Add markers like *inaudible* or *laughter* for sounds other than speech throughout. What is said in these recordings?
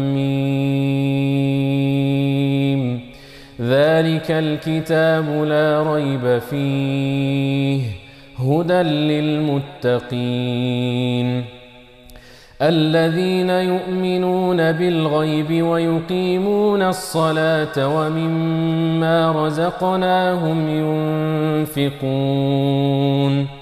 ميم ذلك الكتاب لا ريب فيه هدى للمتقين الذين يؤمنون بالغيب ويقيمون الصلاة ومما رزقناهم ينفقون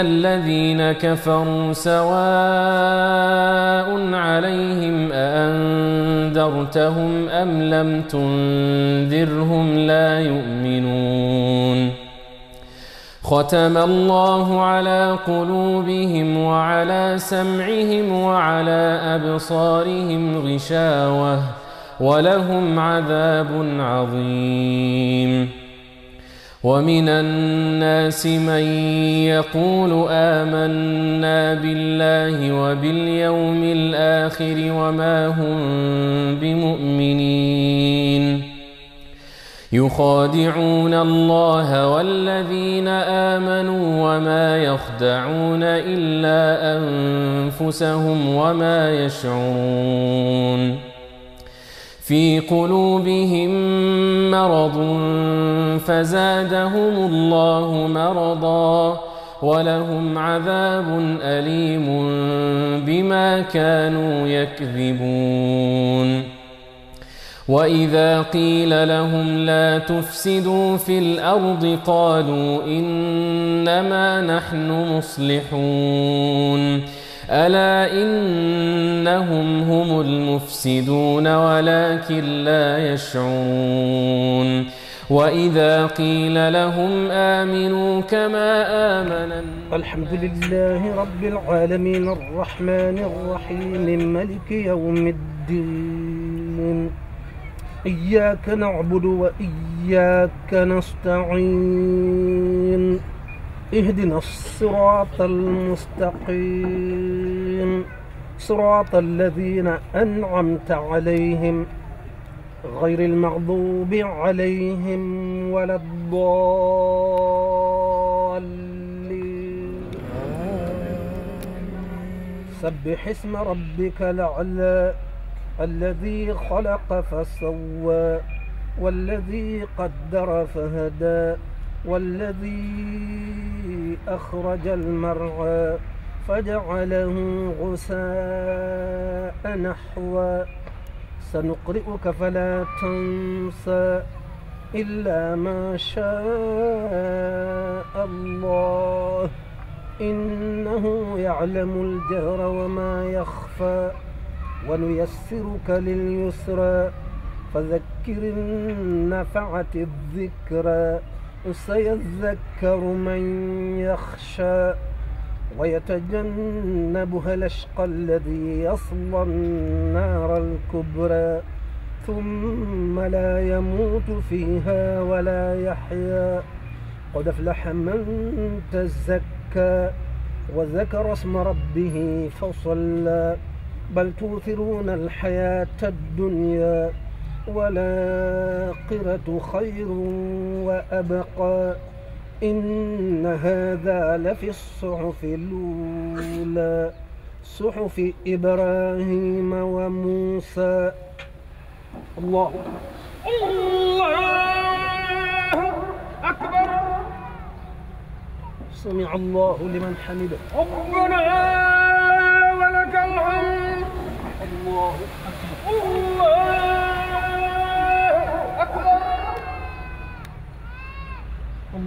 الذين كفروا سواء عليهم أأنذرتهم أم لم تنذرهم لا يؤمنون ختم الله على قلوبهم وعلى سمعهم وعلى أبصارهم غشاوة ولهم عذاب عظيم ومن الناس من يقول آمنا بالله وباليوم الآخر وما هم بمؤمنين يخادعون الله والذين آمنوا وما يخدعون إلا أنفسهم وما يشعرون في قلوبهم مرض فزادهم الله مرضا ولهم عذاب أليم بما كانوا يكذبون وإذا قيل لهم لا تفسدوا في الأرض قالوا إنما نحن مصلحون ألا إنهم هم المفسدون ولكن لا يشعرون وإذا قيل لهم آمنوا كما آمن الحمد لله رب العالمين الرحمن الرحيم ملك يوم الدين إياك نعبد وإياك نستعين اهدنا الصراط المستقيم صراط الذين أنعمت عليهم غير المغضوب عليهم ولا الضالين سبح اسم ربك الأعلى الذي خلق فسوى والذي قدر فهدى والذي أخرج المرعى فجعله غساء نحوا سنقرئك فلا تنسى إلا ما شاء الله إنه يعلم الجهر وما يخفى ونيسرك لليسرى فذكر النفعة الذكرى سيذكر من يخشى ويتجنبها الأشقى الذي يصلى النار الكبرى ثم لا يموت فيها ولا يحيا قد افلح من تزكى وذكر اسم ربه فصلى بل توثرون الحياة الدنيا والآخرة خير وأبقى إن هذا لفي الصحف الأولى صحف إبراهيم وموسى الله الله أكبر سمع الله لمن حمده ربنا ولك الحمد الله أكبر الله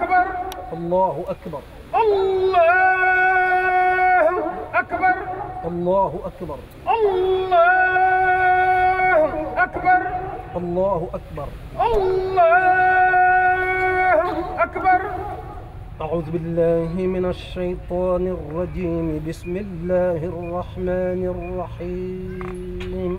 أكبر الله أكبر الله أكبر الله أكبر الله أكبر الله أكبر الله أكبر أعوذ بالله من الشيطان الرجيم بسم الله الرحمن الرحيم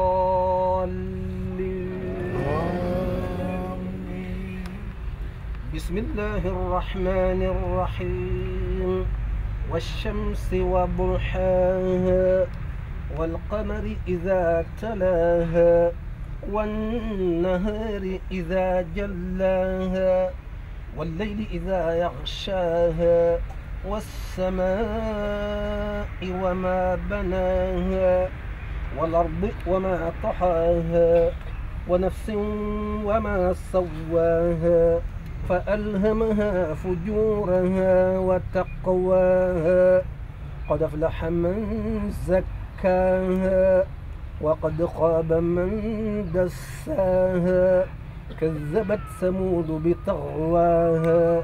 بسم الله الرحمن الرحيم والشمس وضحاها والقمر إذا تلاها والنهار إذا جلاها والليل إذا يغشاها والسماء وما بناها والأرض وما طحاها ونفس وما سواها فألهمها فجورها وتقواها قد أفلح من زكاها وقد خاب من دساها كذبت ثمود بطغواها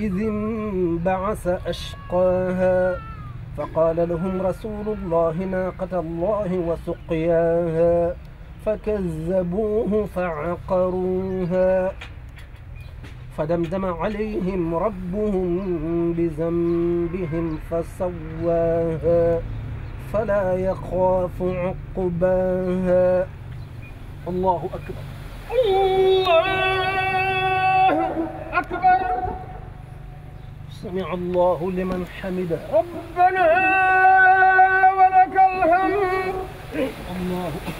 إذ انبعث أشقاها فقال لهم رسول الله ناقة الله وسقياها فكذبوه فعقروها فدمدم عليهم ربهم بذنبهم فسواها فلا يخاف عقباها الله أكبر الله أكبر سمع الله لمن حمده ربنا ولك الحمد الله أكبر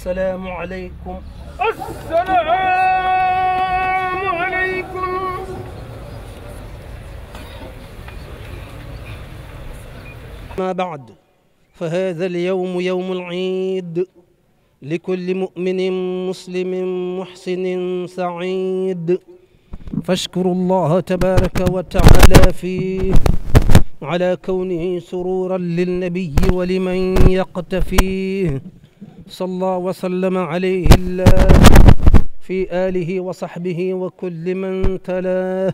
assalaamu aleykum assalaamu aleykum ma baad fa haada alyawmu yawmu al-iid likulli mu'minin muslimin muhsinin sa'iid فاشكروا الله تبارك وتعالى فيه على كونه سرورا للنبي ولمن يقتفيه صلى وسلم عليه الله في آله وصحبه وكل من تلاه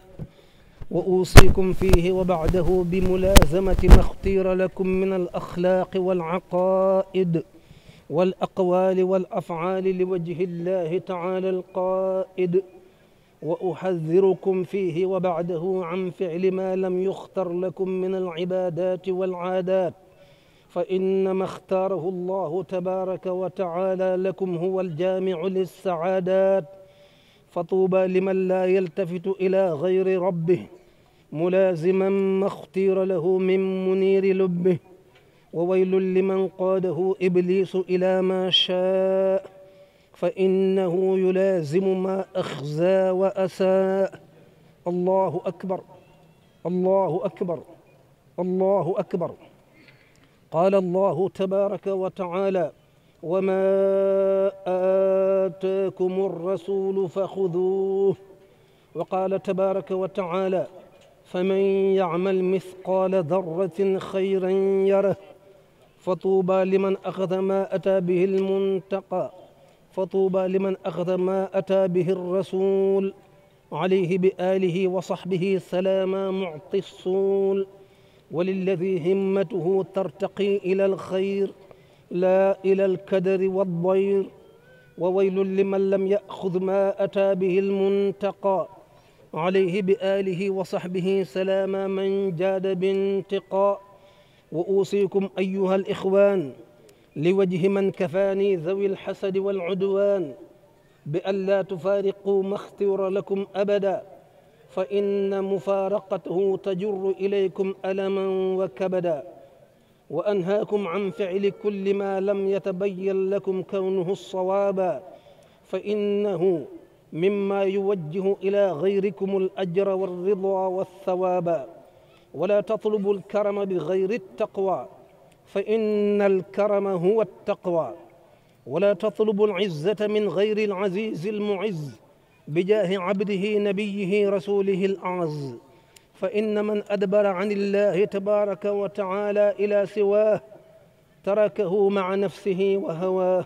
وأوصيكم فيه وبعده بملازمة ما اختير لكم من الأخلاق والعقائد والأقوال والأفعال لوجه الله تعالى القائد وأحذركم فيه وبعده عن فعل ما لم يختر لكم من العبادات والعادات فإنما اختاره الله تبارك وتعالى لكم هو الجامع للسعادات فطوبى لمن لا يلتفت إلى غير ربه ملازما ما اختير له من منير لبه وويل لمن قاده إبليس إلى ما شاء فإنه يلازم ما أخزى وأساء الله أكبر الله أكبر الله أكبر, الله أكبر قال الله تبارك وتعالى وما آتاكم الرسول فخذوه وقال تبارك وتعالى فمن يعمل مثقال ذرة خيرا يره فطوبى لمن أخذ ما أتى به المنتقى فطوبى لمن أخذ ما أتى به الرسول عليه بآله وصحبه سلام معطي الصول وللذي همته ترتقي إلى الخير لا إلى الكدر والضير وويل لمن لم يأخذ ما أتى به المنتقى عليه بآله وصحبه سلام من جاد بانتقاء وأوصيكم أيها الإخوان لوجه من كفاني ذوي الحسد والعدوان بأن لا تفارقوا ما اختير لكم أبداً فإن مفارقته تجر إليكم ألما وكبدا وأنهاكم عن فعل كل ما لم يتبين لكم كونه الصوابا فإنه مما يوجه إلى غيركم الأجر والرضا والثوابا ولا تطلبوا الكرم بغير التقوى فإن الكرم هو التقوى ولا تطلبوا العزة من غير العزيز المعز بجاه عبده نبيه رسوله الأعز فإن من أدبر عن الله تبارك وتعالى إلى سواه تركه مع نفسه وهواه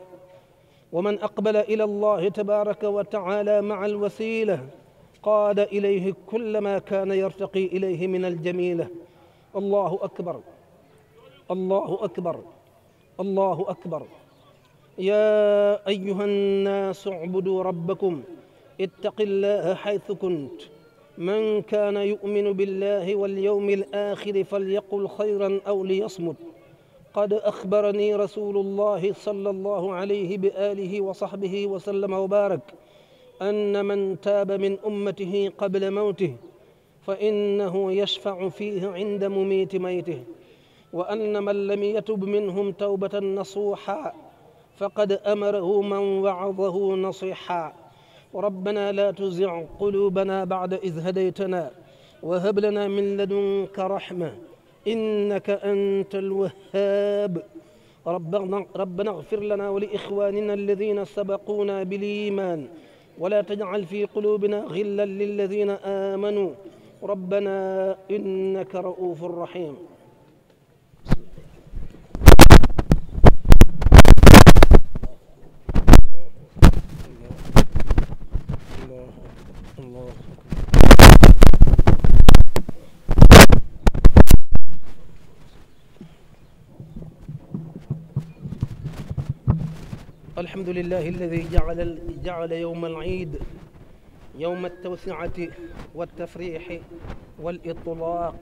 ومن أقبل إلى الله تبارك وتعالى مع الوسيلة قاد إليه كل ما كان يرتقي إليه من الجميلة الله أكبر الله أكبر الله أكبر يا أيها الناس اعبدوا ربكم ittaqi llaha xaytu kunt man kaana yuminu billahi walyawmi alaaxiri falyaqul xayran aw liyasmut qad axbarani rasulu llahi sala allahu alayhi bi alihi wa saxbihi wa sallama wa baarak anna man taaba min ummatihi qabla mawtih fa innahu yashfacu fiihi cinda mumiiti maytih wa anna man lam yatub minhum tawbatan nasuuxa faqad amarahu man wacadahu nasixa ربنا لا تزغ قلوبنا بعد إذ هديتنا وهب لنا من لدنك رحمة إنك أنت الوهاب ربنا اغفر لنا ولإخواننا الذين سبقونا بالإيمان ولا تجعل في قلوبنا غلا للذين آمنوا ربنا إنك رؤوف رحيم الحمد لله الذي جعل جعل يوم العيد يوم التوسعة والتفريح والإطلاق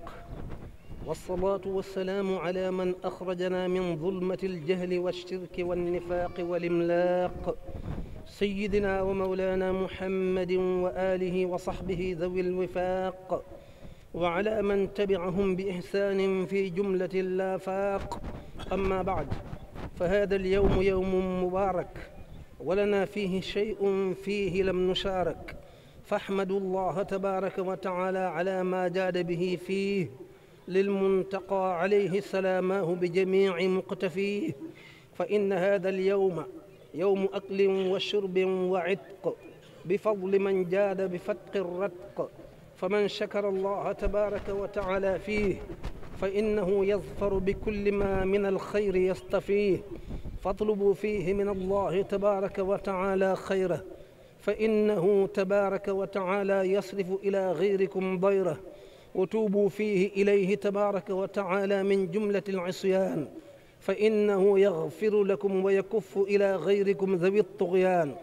والصلاة والسلام على من أخرجنا من ظلمة الجهل والشرك والنفاق والإملاق سيدنا ومولانا محمد وآله وصحبه ذوي الوفاق وعلى من تبعهم بإحسان في جملة اللافاق أما بعد فهذا اليوم يوم مبارك ولنا فيه شيء فيه لم نشارك فاحمدوا الله تبارك وتعالى على ما جاد به فيه للمنتقى عليه سلاماه بجميع مقتفيه فإن هذا اليوم yowmu aklin wa shurbin wa itq bi fadli man jaada bi fatqi ratq fa man shakara allaha tabaraka wa taala fiih fa innahu yazfaru bi kulli ma min alxayri yastafiih fatlubu fiihi min allahi tabaraka wa taala xayra fa innahu tabaraka wa taala yasrifu ila gayrikum dayra wa tuubuu fiihi ilayhi tabaraka wa taala min jumlati alcisyaan فإنه يغفر لكم ويكف إلى غيركم ذوي الطغيان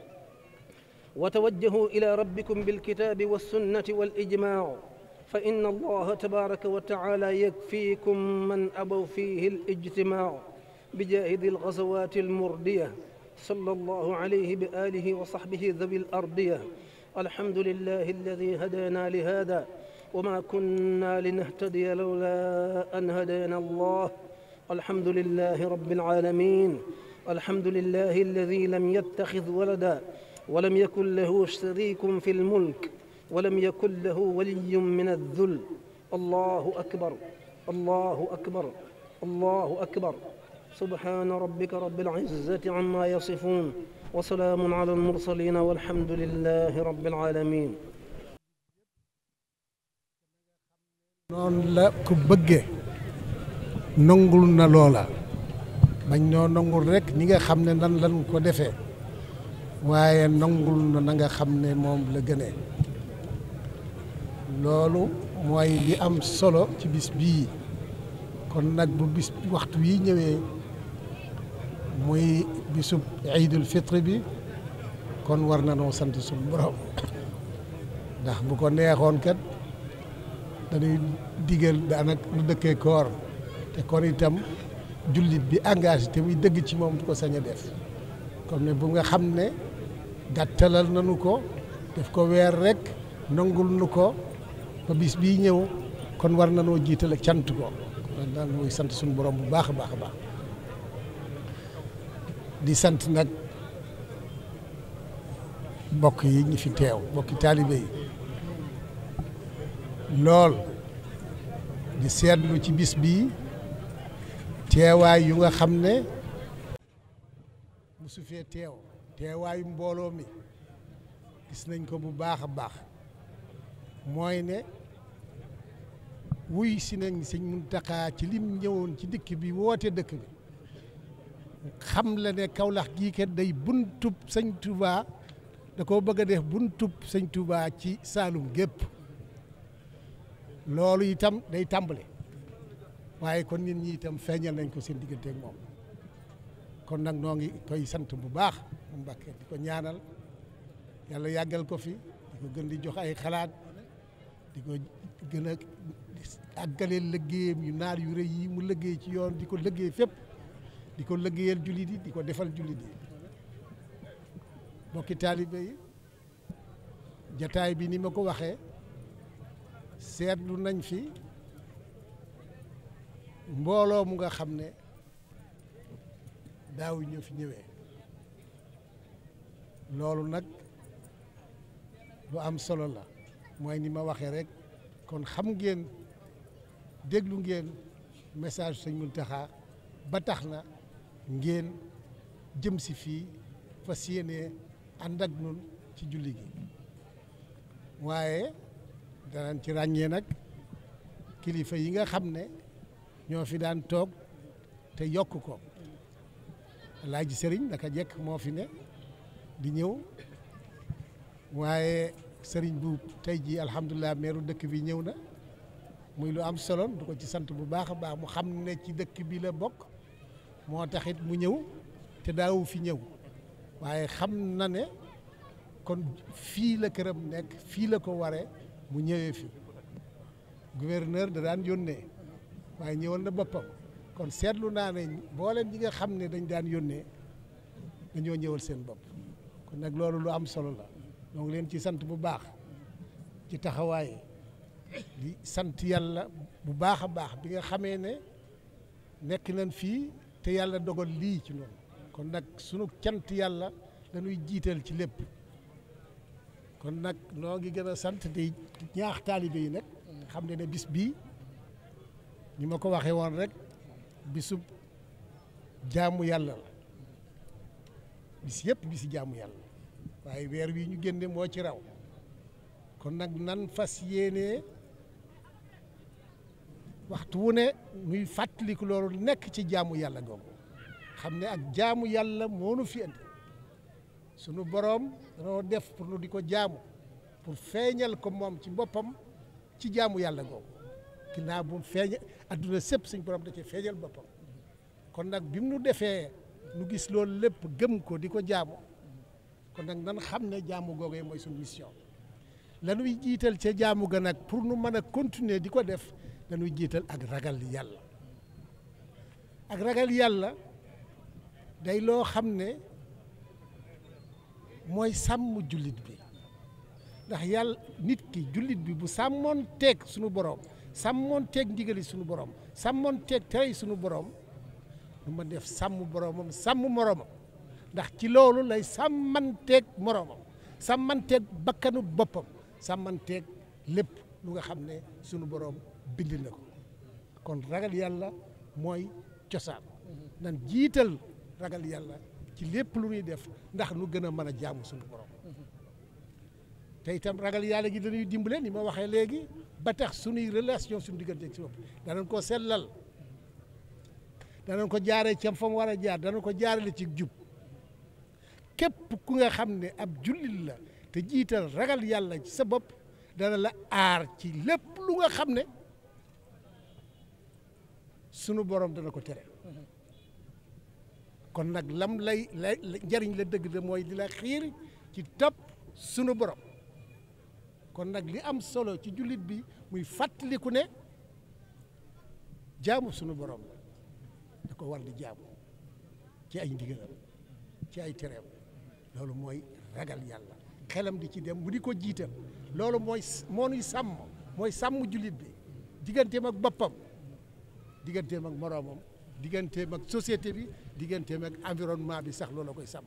وتوجهوا إلى ربكم بالكتاب والسنة والإجماع فإن الله تبارك وتعالى يكفيكم من أبوا فيه الاجتماع بجاه ذي الغزوات المردية صلى الله عليه بآله وصحبه ذوي الأرضية الحمد لله الذي هدانا لهذا وما كنا لنهتدي لولا أن هدانا الله الحمد لله رب العالمين الحمد لله الذي لم يتخذ ولدا ولم يكن له شريك في الملك ولم يكن له ولي من الذل الله أكبر الله أكبر الله أكبر سبحان ربك رب العزة عما يصفون وسلام على المرسلين والحمد لله رب العالمين noonu la ko bëggee nangul na loola bañ ñoo nangul rek ñi nga xam ne nan lan ko defee waaye nangul na na nga xam ne moom la gëne loolu mooy li am solo ci bis bii kon nag bu bis waxtu wi ñëwee muy bisub Iidul Fitr bi kon war na noo sant suñu borom ndax bu ko neexoon kat dañuy digal daanak lu dëkkee koor te kon itam jullit bi engage te muy dëgg ci moom ko sañ def comme ne bu nga xam ne gàttalal nañu ko def ko weer rek nangul nu ko ba bis bii ñëw kon war nanoo jiital ak cant ko loolu daal mooy sant suñu borom bu baax a baax a baax di sant nag mbokk yi ñi fi teew mbokki taalibe yi lool di seetlu ci bis bii teewaay yu nga xam ne musu fee teew teewaayu mbooloo mi gis nañ ko bu baax a baax mooy ne wuy si nañ sëñ Muntaxa ci lim ñëwoon ci dikk bi woote dëkk bi xam la ne Kawlax gii kat day buntub sëñ Tuubaa da koo bëgg a def buntub sëñ Tuubaa ci Saalum gépp loolu itam day tàmbale waaye kon nit ñi itam feeñal nañ ko seen diggante moom kon nag noo ngi koy sant bu baax mu Mbàkke di ko ñaanal yàlla yàggal ko fi di ko gën di jox ay xalaat di ko gën a àggalee liggéeyam yu naar yu rëy yii mu liggéey ci yoon di ko liggéey fépp di ko liggéeyal jullit yi di ko defal jullit yi mbokki taalibe jataay bi ni ma ko waxee seetlu nañ fi mbooloo mu nga xam ne daaw ñoo fi ñëwee loolu nag lu am solo la mooy ni ma waxee rek kon xam ngeen déglu ngeen message sëñ Muntaxa ba tax na ngeen jëm si fii fas yéene ànd ak nun ci julli gi waaye danañ ci ràññee nag kilifa yi nga xam ne ñoo fi daan toog te yokk ko laaj sëriñ naka jekk moo fi ne di ñëw waaye sëriñ bu tey jii alhamdulilah meeru dëkk bi ñëw na muy lu am solo du ko ci sant bu baax a baax mu xam ne ci dëkk bi la bokk moo taxit mu ñëw te daawu fi ñëw waaye xam na ne kon fii la këram nekk fii la ko waree mu ñëwee fi gouverneur da daan yónnee. waaye ñëwal na boppam kon seetlu naa ne mbooleem ñi nga xam ne dañ daan yónnee dañoo ñëwal seen bopp kon nag loolu lu am solo la ñoo ngi leen ci sant bu baax ci taxawaay di sant yàlla bu baax a baax bi nga xamee ne nekk nañ fii te yàlla dogal lii ci noonu kon nag sunu cant yàlla dañuy jiital ci lépp kon nag noo ngi gën a sant di ñaax taalibe yi nag xam ne na bis bii ni ma ko waxee woon rek bisu jaamu yàlla la bis yëpp bisi jaamu yàlla waaye weer wi ñu génne moo ci raw kon nag nan fas yéene waxtu wu ne muy fàttaliku loolu nekk ci jaamu yàlla googu xam ne ak jaamu yàlla moo nu fi sunu boroom danoo def pour nu di ko jaamu pour feeñal ko moom ci boppam ci jaamu yàlla googu ginnaaw bu mu feeñe adduna sëpp suñ borom da ci feeñal boppam kon nag bi mu nu defee nu gis loolu lépp gëm ko di ko jaamu kon nag nan xam ne jaamu googu mooy suñu mission lañuy jiital ci jaamu ga pour nu mën a continuer di ko def dañuy jiital ak ragal yàlla ak ragal yàlla day loo xam ne mooy sàmm jullit bi ndax yàlla nit ki jullit bi bu sàmmoon teeg suñu borom sàmmoon teeg ndigali sunu borom sàmmoon teeg tere sunu borom lu ma def sàmm boromam sàmm moromam ndax ci loolu lay sàmmanteeg moromam sàmmanteeg bakkanu boppam sàmmanteeg lépp lu nga xam ne sunu borom bind la ko kon ragal yàlla mooy cosaan nan jiital ragal yàlla ci lépp lu ñuy def ndax nu gën a mën a jaamu sunu borom. te itam ragal yàlla gi dañuy dimbale ni ma waxee léegi ba tax suñuy relation suñu diggante ci bopp danañ ko sellal danañ ko jaaree cam fa war a jaar danañ ko jaarale ci jub képp ku nga xam ne ab jullit la te jiital ragal yàlla sa bopp dana la aar ci lépp lu nga xam ne sunu borom dana ko tere kon nag lam lay lay la dëgg de mooy di la xiir ci topp sunu borom kon nag li am solo ci jullit bi muy fàttaliku ne jaamu sunu borom da ko war di jaamu ci ay ndigalam ci ay tereem loolu mooy ragal yàlla xelam di ci dem mu di ko jiital loolu mooy moo nuy sàmm mooy sàmm jullit bi digganteem ak boppam digganteem ak moroomam digganteem ak société bi digganteem ak environnement bi sax loolu la koy sàmm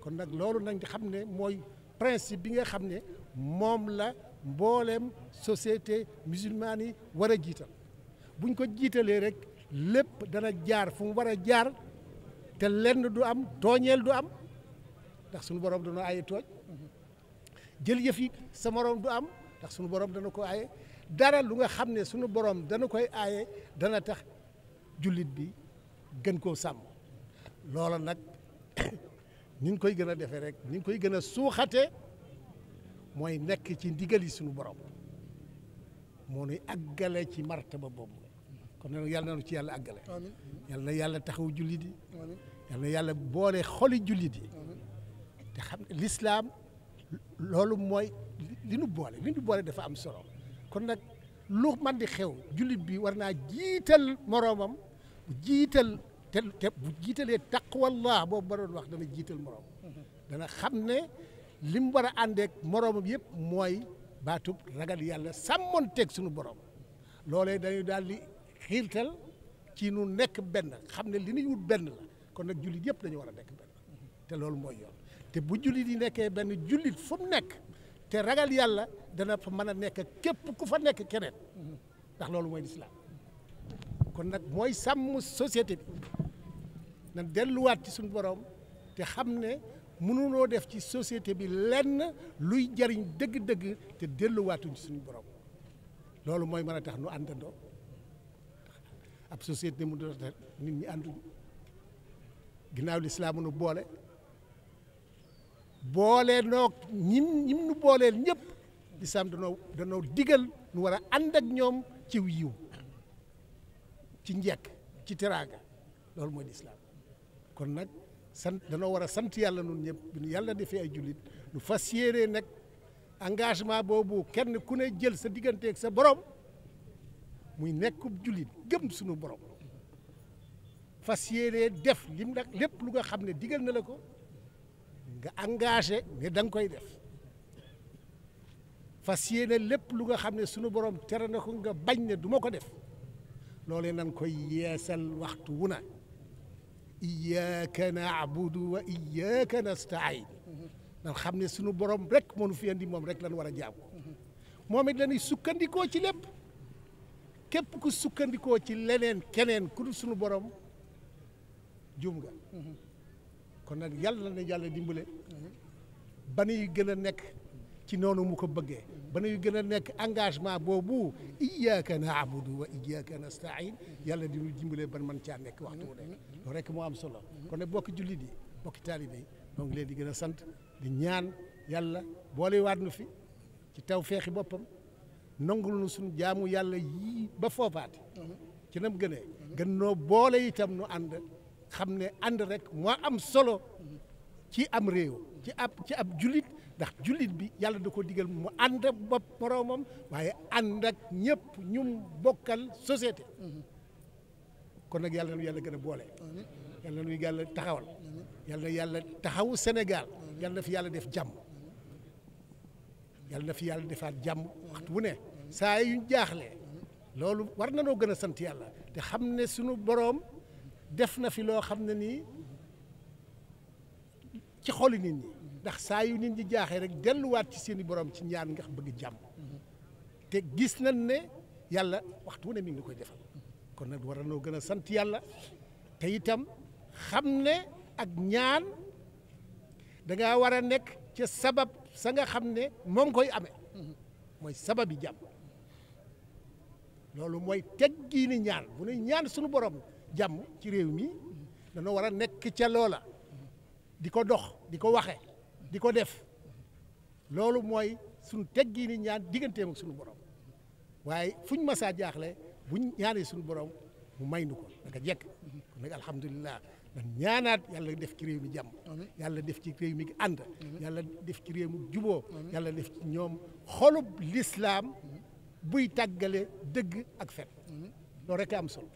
kon nag loolu nag xam ne mooy principe bi nga xam ne moom la mbooleem société musulmane yi war a jiital buñ ko jiitalee rek lépp dana jaar fu mu war a jaar te lenn du am tooñeel du am ndax suñu borom dana aye tooj jël yëf yi sa morom du am ndax suñu borom dana ko aye dara lu nga xam ne suñu borom dana koy aaye dana tax jullit bi gën koo sàmm loola nag *coughs* ni koy gën a defee rek ni koy gën a suuxatee mooy nekk ci ndigal yi suñu borom moo nuy àggale ci martaba boobu kon nag yàlla nañu ci yàlla àggale yàlla na yàlla taxaw jullit yi yàlla na yàlla boole xoli jullit yi te xam ne lislaam loolu mooy li nu boole li nu boole dafa am solo kon nag lu man di xew jullit bi war naa jiital moroomam jiital te te bu jiitalee taqwallah boobu ba doon wax dana jiital moroom mm-hmm. dana xam ne li mu war a àndeek moroomam yëpp mooy baatub ragal yàlla sàmmoon teg suñu borom loolee dañu daal di xiirtal ci nu nekk benn xam ne li ñuy wut benn la kon nag jullit yëpp dañu war a nekk benn te loolu mooy yoon te bu jullit yi nekkee benn jullit fu mu nekk te ragal yàlla dana fa mën a nekk képp ku fa nekk keneen ndax loolu mooy lislaam kon nag mooy sàmm societé bi na delluwaat ci suñu boroom te xam ne mënuloo def ci société bi lenn luy jariñ dëgg-dëgg te delluwaatuñ suñu borom loolu mooy mën a tax nu àndandoo ab société mu doon tax nit ñi ànduñ ginnaaw lislaam nu boole boole noo ñim ñim nu booleel ñëpp lislaam danoo danoo digal nu war a ànd ak ñoom ci yiw ci njekk ci teraanga loolu mooy lislaam kon nag sant danoo war a sant yàlla nun ñëpp yàlla defee ay jullit nu fas yéenee nag engagement boobu kenn ku ne jël sa digganteeg sa borom muy nekkub jullit gëm suñu borom fas yéenee def lim nag lépp lu nga xam ne digal na la ko nga engage ne da nga koy def fas yéene lépp lu nga xam ne sunu borom tere na ko nga bañ ne duma ko def loolee nan koy yeesal waxtu wu na iyyaka na'budu wa iyyaka nasta'in dan xam ne sunu borom rek mënu nu fi moom rek lan war a jaamu moom it lañuy sukkandikoo ci lépp képp ku sukkandikoo ci leneen keneen ku dul sunu borom jum nga kon nag yàlla na yàlla dimbale ba nuy gën nekk ci noonu mu ko bëggee ba nuy gën a nekk engagement boobu iyyaka na'budu wa iyyaka nasta'in yàlla di ñu dimbalee ban man caa nekk waxtu wu nekk loolu rek moo am solo kon nag bokki jullit yi bokki taalibe yi donc leen di gën a sant di ñaan yàlla boole waat nu fi ci taw feexi boppam nangul nu jaamu yàlla yii ba foofaate mm-hmm. ci nam gën a gën noo boole itam nu ànd xam ne ànd rek moo am solo mm-hmm. ci am réew ci ab ci ab jullit ndax jullit bi yàlla da ko digal mu ànd ak bopp moroomam waaye ànd ak ñëpp ñum bokkal société kon nag yàlla na yàlla gën a boole yàlla na yàlla taxawal yàlla na yàlla taxawu Sénégal yàlla na fi yàlla def jàmm yàlla na fi yàlla defaat jàmm waxtu wu ne saa yu jaaxlee loolu war na noo gën a sant yàlla te xam ne sunu boroom def na fi loo xam ne nii ci xoli nit ñi ndax saa yu nit ñi jaaxee rek delluwaat ci seen i borom ci ñaan ngax bëgg jàmm mhm. te gis nañ ne yàlla waxtu wu ne mi ngi koy defal kon nag war nañoo gën a sant yàlla te itam xam ne ak ñaan danga war a nekk ca sabab sa nga xam ne moom koy amee mhm. mooy sabab yi jàmm loolu mooy teg gii ni ñaan bu nuy ñaan suñu borom jàmm ci réew mi mhm. dañoo war a nekk ca loola di ko dox di ko waxe di ko def loolu mooy suñu teggi ni ñaan digganteem ak suñu borom waaye fuñ masaa jaaxle buñ ñaanee suñu borom mu may nu ko naka jekk kon nag ñaanaat yàlla def ci réew mi jàmm yàlla def ci réew mi ànd yàlla def ci réew mi juboo yàlla def ci ñoom xolub lislaam buy tàggale dëgg ak fet loolu rek am solo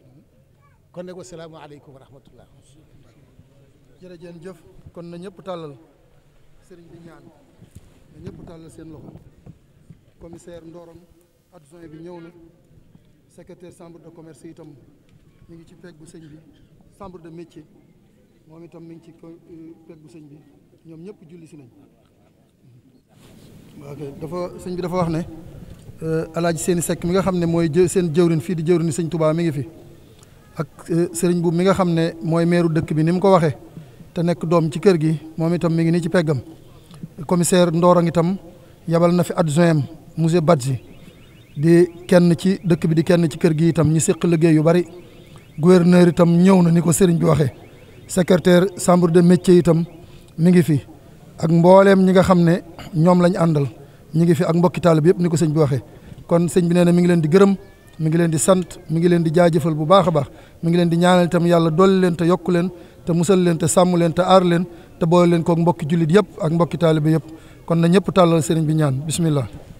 kon nag wasalaamaaleykum wa rahmatullah jërëjëf kon na ñëpp tàllal sëriñ bi ñaan na ñëpp seen loxo commissaire Ndorong adjoint bi ñëw na secrétaire chambre de commerce itam mi ngi ci peggu sëñ bi chambre de métier moom itam mi ngi ci euh, peggu sëñ bi ñoom ñëpp julli si nañ. Hmm. ok dafa sëñ bi dafa wax ne euh, alaaj seeni sekk mi nga xam ne mooy seen jëwrin fii di jëwrin sëñ Touba mi ngi fi ak euh, sëriñ bu mi nga xam ne mooy meeru dëkk bi ni mu ko waxee te nekk doom ci kër gi moom itam mi ngi nii ci peggam. commissaire Ndorong itam yabal na fi adjoint am monsieur Badji di kenn ci dëkk bi di kenn ci kër gi itam ñu séq liggéey yu bari gouverneur itam ñëw na ni ko sëriñ bi waxee secrétaire chambre de métier itam mi ngi fi ak mbooleem ñi nga xam ne ñoom lañ àndal ñi ngi fi ak mbokki taalibe yëpp ni ko sëñ bi waxee kon sëñ bi nee na mi ngi leen di gërëm mi ngi leen di sant mi ngi leen di jaajëfal bu baax a baax mi ngi leen di ñaanal itam yàlla dolli leen te yokku leen te musal leen te leen te aar leen te boole leen koog mbokki jullit yëpp ak mbokki taalibe yëpp kon na ñëpp tàllal sëriñ bi ñaan bismillah